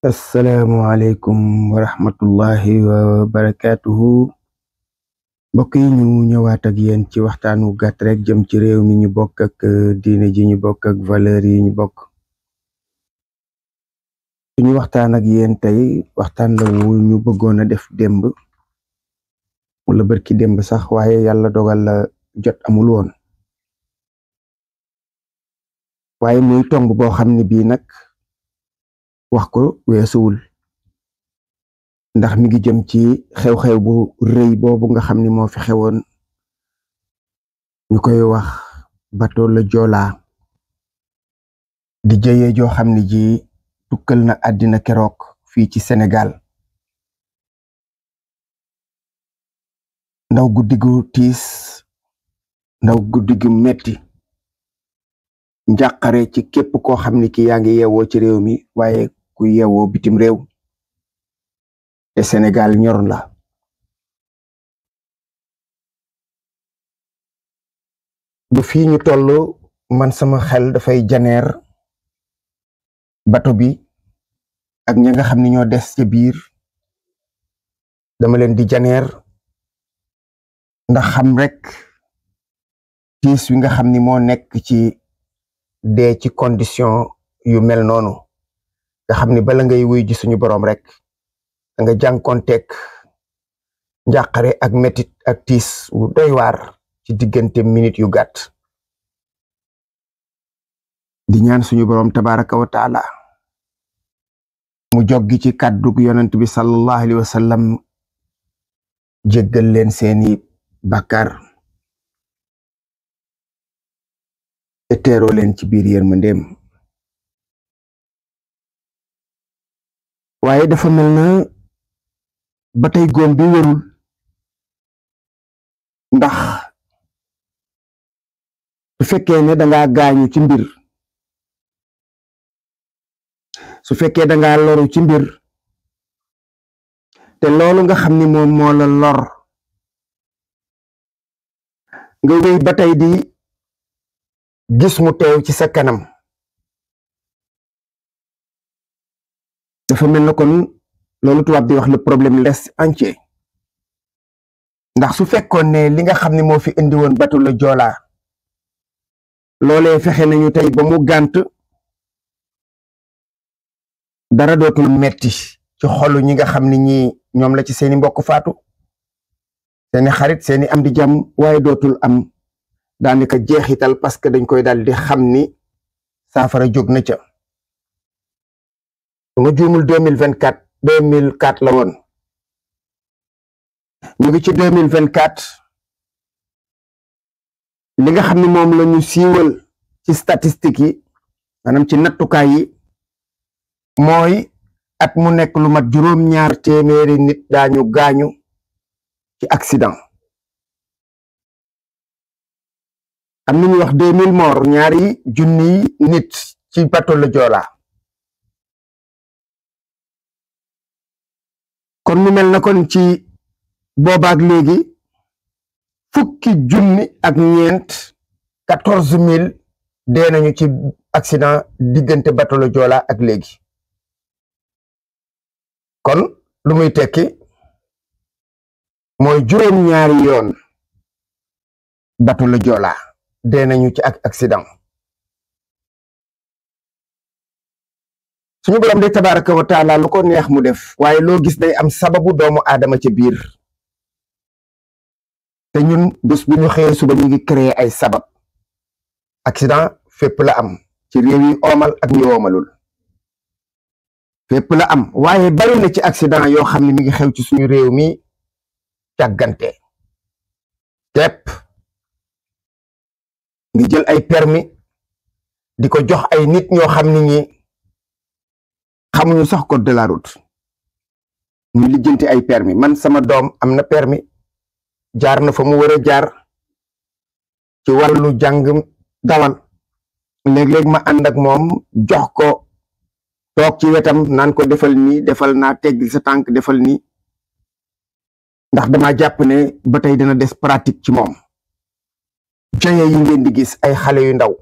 asalaamualeykum wa rahmatullahi wa barakaatuhu mbokk yi ñu ñëwaat ak yéen ci waxtaan wu gàtt rek jëm ci réew mi ñu bokk ak uh, diine ji ñu bokk ak valeur yi ñu bokk suñu waxtaan ak yéen tey waxtaan la wu ñu bëggoon a def démb wala bërki demb sax waaye yàlla dogal la uh, jot amul woon waaye muy tomb boo xam ne bii nag wax ko weesuwul ndax mi ngi jëm ci xew-xew bu rëy boobu nga xam ni moo fi xewoon ñu koy wax bateau le Joola di jëye joo xam ni ji tukkal na àddina kerook fii ci Sénégal ndaw guddi gu tiis ndaw guddi gu metti njàqare ci képp koo xam ni ki yaa ngi yeewoo ci réew mi waaye ku yeewoo bitim réew te Sénégal ñor la bu fii ñu toll man sama xel dafay janeer bato bi ak ña nga xam ni ñoo des ca biir dama leen di janeer ndax xam rek tiis wi nga xam ni moo nekk ci dee ci condition yu mel noonu nga xam ni bala ngay wuy ji suñu boroom rek da nga jànkonteeg njàqare ak metit ak tiis wu doy waar ci diggante minute yu gàtt di ñaan suñu boroom tabaraka wa mu joggi ci kàddug yonent bi sallallahu alayhi wa sallam leen seeni bàkkaar te ci biir yërmandeem waaye dafa mel na ba tey góom bi wérul ndax su fekkee ne dangaa gaañu ci mbir su fekkee dangaa loru ci mbir te loolu nga xam ni moom moo la lor nga wéy ba tey di gis mu teew ci sa kanam dafa mel na kon loolu tubaab di wax le problème reste entier ndax su fekkoon ne li nga xam ne moo fi indi woon batu la joolaa loolee fexe nañu tey ba mu gànt dara dootul metti ci xolu ñi nga xam ne ñi ñoom la ci seeni mbokk faatu seeni xarit seeni am di jam waaye dootul am daanaka jeexital parce que dañ koy daal di xam ni saafara jóg na ca bu ma juumul deux mille vingt quatre deux mille quatre la woon ñu ngi ci deux mille vingt quatre li nga xam ni moom la ñu siiwal ci statistiques yi maanaam ci nattukaay yi mooy at mu nekk lu mat juróom-ñaar téeméeri nit daañu gaañu ci accident am na ñuy wax deux mille morts ñaari nit ci bateau le Joola kon mu mel na kon ci boobaak léegi fukki junni ak ñeent quatorze mille dee nañu ci accident diggante batolo Joola ak léegi kon lu muy tekki mooy juróom ñaari yoon batolo Joola dee nañu ci ak accident suñu borom de tabaraka wa taala lu ko neex mu def waaye loo gis day am sababu doomu aadama ca biir te ñun bés bu ñu suba ñu ngi créer ay sabab accident fépp la am ci réew yi la am waaye bari na ci accident yoo xam ne mi ngi xew ci suñu réew mi càggante tepp ngi jël ay permi di ko jox ay nit ñoo xam ni ñi xamuñu sax ko de mu route ñu lijjanti ay permi man sama doom am na permi jaar na fa mu war a jaar ci wallu jàng dawal léeg-léeg ma ànd ak moom jox ko toog ci wetam naan ko defal nii defal naa teggil sa tànk defal nii ndax dama jàpp ne ba tey dina des pratique ci moom joye yi ngeen di gis ay xale yu ndaw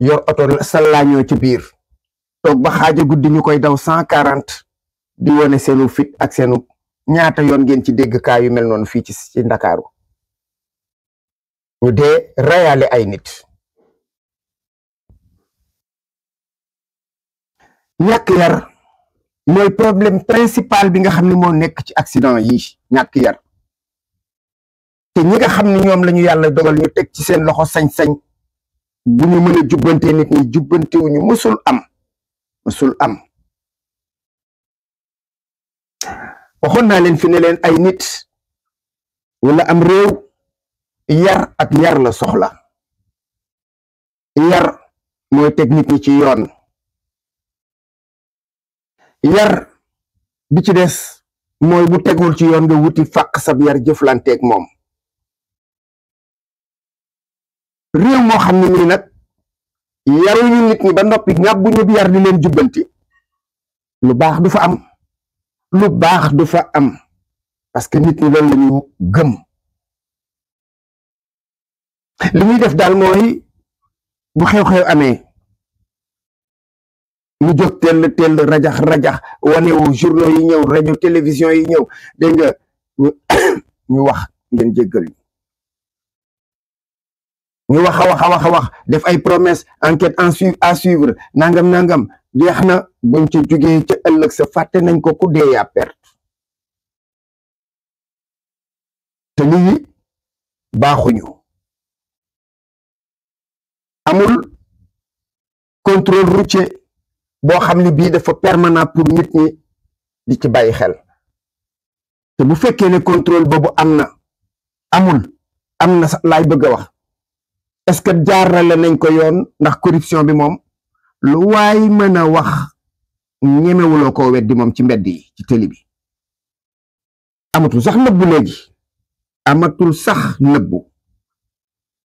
yor oto sallaañoo ci biir toog ba xaaja guddi ñu koy daw cent quarante di wone seenu fit ak seenu ñaata yoon ngeen ci dégg kaa yu mel noonu fii ci ci Ndakaaru ñu dee rayaale ay nit ñakk yar mooy problème principal bi nga xam ne moo nekk ci accident yi ñàkk yar te ñi nga xam ne ñoom lañu yàlla dogal ñu teg ci seen loxo sañ-sañ bu ñu mën a jubbante nit ñi jubbante ñu musul am sul am waxoon naa leen fi ne leen ay nit wala am réew yar ak yar la soxla yar mooy teg nit ci yoon yar bi ci des mooy bu tegul ci yoon nga wuti fàq sab yar jëflanteeg moom réew moo xam ne nii yaruñu nit ñi ba noppi ñàbbu ñub yar di leen jubbanti lu baax du fa am lu baax du fa am parce que nit ñi loolu la gëm li ñuy def daal mooy bu xew-xew amee ñu jóg teel teel rajax rajax wanewu journaux yi ñëw rajo télévision yi ñëw dégg nga ñu wax ngeen jéggal ñu ñu wax a wax a wax def ay promesse enquête en suivre à suivre nangam nangam jeex na buñ ci jugee ca ëllëg sa fàtte nañ ko ku dee yaa perte te nit ñi baaxuñu amul contrôle routier boo xam ne bii dafa permanent pour nit ñi di ci bàyyi xel te bu fekkee ne contrôle boobu am na amul am na sax laay bëgg a wax est-ce que jaarale nañ ko yoon ndax corruption bi moom lu waay mën wax ñemewuloo koo weddi moom ci mbedd yi ci tëli bi amatul sax nëbbu léegi amatul sax nëbbu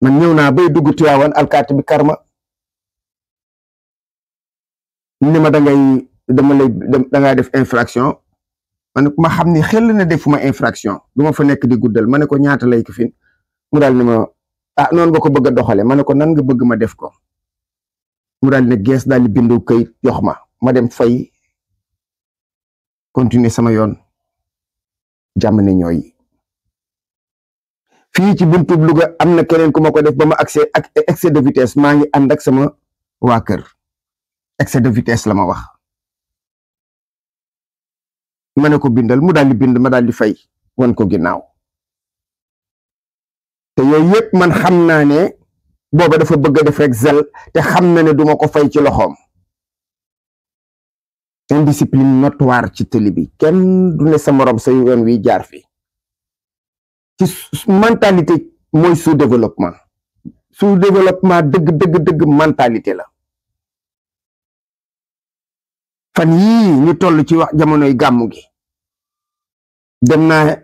man ñëw naa bay dugg Tiwaawan alkaati bi karma ni ma da dama lay da def infraction ma ne ma xam ni xel na defuma infraction du ma fa nekk di guddal ma ne ko ñaata lay ko fi mu daal ni ma ah noonu boo ko bëgg a doxale ma ne ko nan nga bëgg ma def ko mu daal ne gees daal di bindu kayit jox ma ma dem fay continuer sama yoon jàmm ne ñooy fii ci buntub Louga am na keneen ku ma ko def ba ma accès ak excès de vitesse maa ngi ànd ak sama waa kër excès de vitesse la ma wax ma ne ko bindal mu daal bind ma daal di fay wan ko ginnaaw te yooyu yëpp man xam naa ne booba dafa bëgg a def rek zel te xam na ne duma ko fay ci loxoom indiscipline notoire ci tëli kenn du ne sa morom sa yoon wi jaar fi ci mentalité mooy sous développement sous développement dëgg dëgg dëgg la fan yii ñu toll ci wax jamonoy gàmmu gi dem naa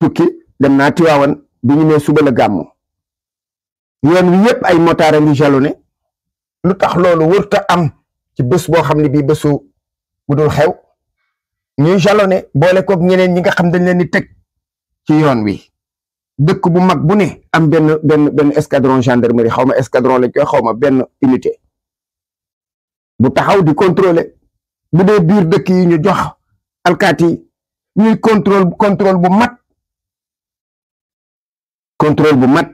tukki dem naa Tiwaawan bi ñu nee suba a gàmmu yoon wi yëpp ay motaara ngi jalone lu tax loolu wërta am ci bës boo xam ne bii bésu bu dul xew ñuy jalone boole koog ñeneen ñi nga xam dañ leen di teg ci yoon wi dëkk bu mag bu ne am benn benn benn escadron gendarmerie xaw ma escadron lañ koy xaw ma benn unité bu taxaw di contrôler bu dee biir dëkk yi ñu jox alkaati ñuy contrôle contrôle bu mag contrôle bu mat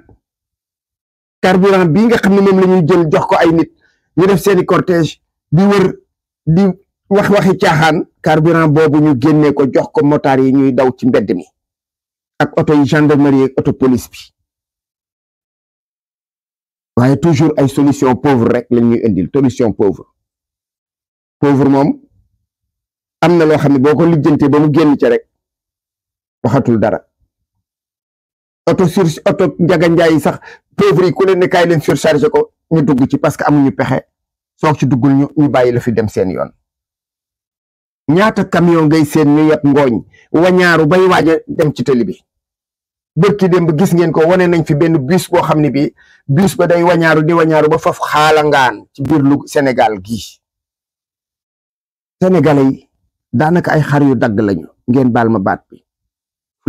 carburant bi nga xam ne moom lañuy ñuy jël jox ko ay nit ñu def seeni cortège di wër di wax waxi caaxaan carburant boobu ñu génnee ko jox ko motaar yi ñuy daw ci mbedd mi ak oto yi gendarmerie ak oto police bi waaye toujours ay solution pauvre rek la ñuy indil solution pauvre pauvre moom am na loo xam ne boo ko lijjantee ba mu génn ci rek waxatul dara auto sur oto njaga njaay yi sax pauvre ku leen ne kaay leen surchargé ko ñu dugg ci parce que amuñu pexe soo ci duggul ñu ñu bàyyi la fi dem seen yoon ñaata camion gay seen ñu yeb ngooñ wañaaru bay waaj dem ci tëli bi bërki démb gis ngeen ko wane nañ fi benn bus boo xam ne bii bus ba day wañaaru di wañaaru ba faf xaalangaan ci biir lu senegal gii Sénégalais daanaka ay xar yu dagg lañu ngeen baal ma baat bi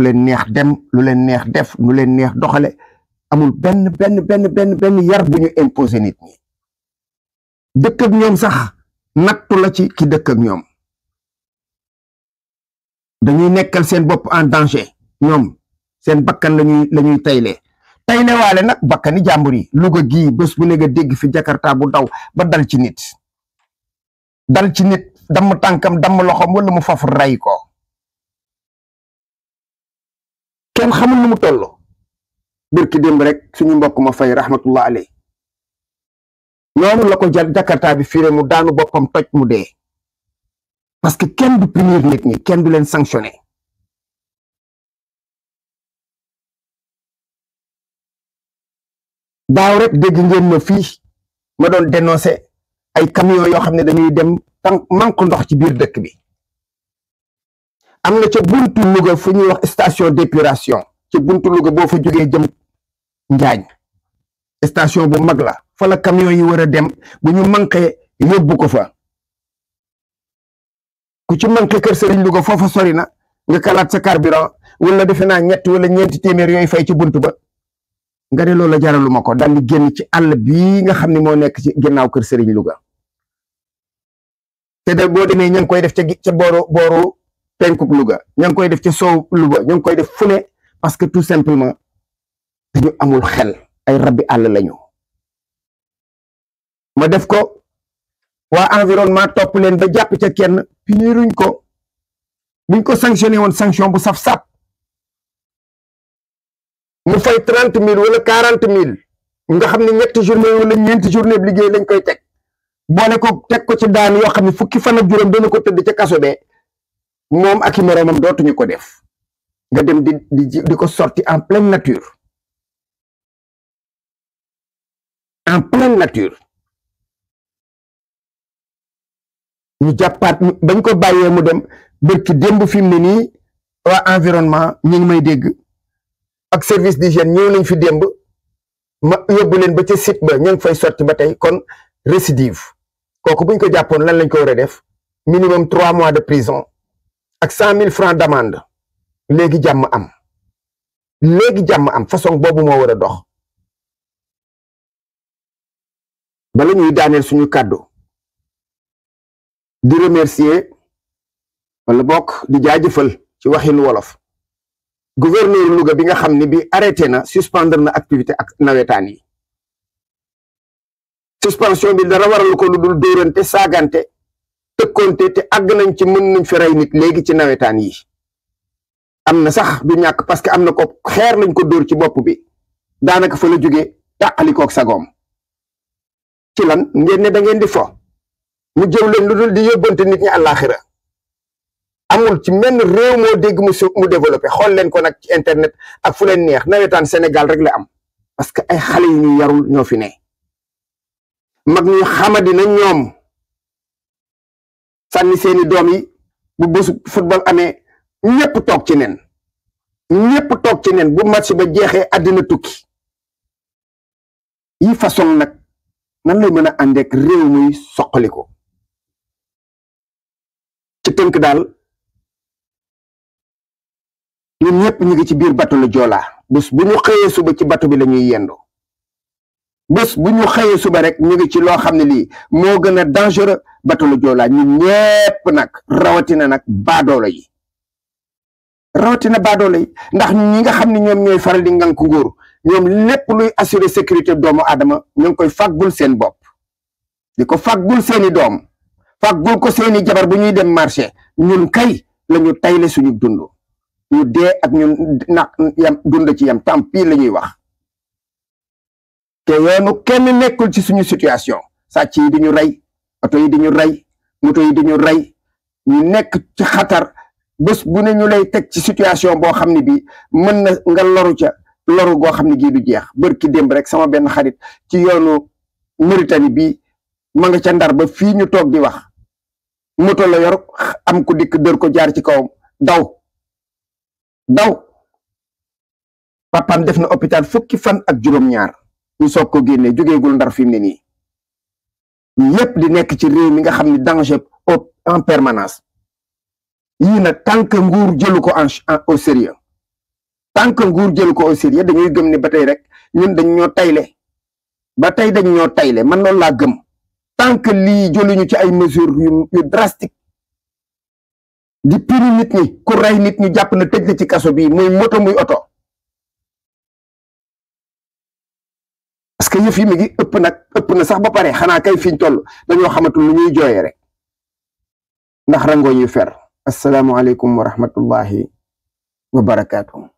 fu leen neex dem lu leen neex def lu leen neex doxale amul benn benn benn benn benn yar bu ñu imposé nit ñi dëkk ak ñoom sax nattu la ci ki dëkk ak ñoom dañuy nekkal seen bopp en danger ñoom seen bakkan lañuy la ñuy taylee tey newaale nag bakkani jàmbur yi Louga gii bés bu ne nga dégg fi Jakarta bu daw ba dal ci nit dal ci nit damm tànkam damm loxoom wala mu faf ray ko kenn xamul nu mu tolloo bërki démb rek suñu mbokk ma fay rahmatullah aley noonu la ko jakarta bi firé mu daanu boppam toj mu dee parce que kenn du punir nit ñi kenn du leen sanctionné daaw rek dégg ngeen ma fii ma doon dénoncé ay camion yoo xam ne dañuy dem tànk manque ndox ci biir dëkk bi am na ca buntu Louga fu ñuy wax station d'épuration ca buntu Louga boo fa jógee jëm Njaañ station bu mag la fa la camion war a dem bu ñu manqué yóbbu ko fa ku ci manqué kër Serigne Louga foofa sori na nga kalaat sa carburant wala defe naa ñett wala ñeenti téeméer yooyu fay ci bunt ba nga ne loola jaraluma ko daal di génn ci àll bii nga xam ne moo nekk ci ginnaaw kër Serigne Louga te da boo demee ña ngi koy def ca ca booru booru penkub Louga ña ngi koy def ca soow Louga ña ngi koy def fu parce que tout simplement dañu amul xel ay rabbi àll lañu ma def ko waa environnement topp leen ba jàpp ca kenn piniruñ ko buñ ko sanctionné woon sanction bu saf-saf mu fay trente mille wala quarante mille nga xam ne ñetti journée wala ñeenti journée bi liggéey lañ koy teg boole ko teg ko ci daan yoo xam ne fukki fan ak juróom dana ko tedd ca kaso bee moom ak i moroomam dootuñu ko def nga dem di di di ko sorti en pleine nature en pleine nature ñu jàppaat bañ ko bàyyee mu dem bërki démb fi mu ne nii waa environnement ñu ngi may dégg ak service di d'hygiène ñëw nañ fi demb ma yóbbu leen ba ca site ba ña fay sotti ba tey kon récidive kooku buñ ko jàppoon lan lañ ko war a def minimum trois mois de prison ak cent mille francs d'amende léegi jàmm am léegi jàmm am façon boobu moo war a dox bala ñuy daaneel suñu kàddu di remercier wala bokk di jaajëfal ci waxinu wolof gouverneur Louga bi nga xam ne bi arrêté na suspendre na activité ak nawetaan yi suspension bi dara waral ko lu dul dóorante saagante tëkkoonte te àgg nañ ci mën nañ fi nit léegi ci nawetaan yi am na sax du ñàkk parce que am na ko xeer lañ ko dóor ci bopp bi daanaka fa la jógee tàqalikoog sagoom ci lan ngeen ne da ngeen di fo mu jëw leen lu dul di yóbbante nit ñi àllaaxira amul ci menn réew moo dégg mu su mu développé xool leen ko nag ci internet ak fu leen neex nawetaan Sénégal rek la am parce que ay xale yu ñu yarul ñoo fi ne mag ñu xamadi na ñoom sànni seeni doom yi bu bésu football amee ñëpp toog ci nen ñëpp toog ci nen bu match ba jeexee àddina tukki yi façon nag na lay mën a ànd réew muy soqali ko ci tënk daal ñun ñëpp ñu ngi ci biir batu la Joola bés bu ñu xëyee suba ci batu bi lañuy yendoo bés bu ñu xëyee suba rek ñu ngi ci loo xam ne lii moo gën a dangereux batalu joolaa ñun ñépp nag rawatina nag baadoolo yi rawatina baadoolo yi ndax ñi nga xam ne ñoom ñooy faral di ngànk nguur ñoom lépp luy assurer sécurité doomu aadama ñu ngi koy faggul seen bopp di ko faggul seeni doom fàggul ko seeni jabar bu ñuy dem marché ñun kay lañu ñu tayle suñu dund ñu dee ak ñun na yam dund ci yam tant pis la wax te yoonu kenn nekkul ci suñu situation sàcc yi di ñu rey oto yi di ñu rey moto yi di ñu rey ñu nekk ci xatar bés bu ne ñu lay teg ci situation boo xam ne bi mën na nga loru ca loru goo xam ne gii du jeex bërki démb rek sama benn xarit ci yoonu Mauritanie bi ma nga ca ndar ba fii ñu toog di wax moto la yor am ku dikk dër ko jaar ci kawam daw daw papaam def na hôpital fukki fan ak juróom-ñaar ñu soog ko génne jógeegul ndar fi mu ne nii lépp di nekk ci réew mi nga xam ne danger en permanence yii nag tant nguur jëlu ko en au sérieux tant que nguur jëlu ko au sérieux dañuy gëm ni ba tey rek ñun dañ ñoo tayle ba tey dañ ñoo tayle man loolu laa gëm tant que lii jëluñu ci ay mesures yu drastique di pini nit ñi ku rey nit ñu jàpp na tëj la ci kaso bii muy moto muy oto parce que yëf yi mi ngi ëpp nag ëpp na sax ba pare xanaa kay fiñ toll dañoo xamatul lu ñuy jooyee rek ndax rango ñuy fer asalaamualeykum wa rahmatullahi wa barakaatu.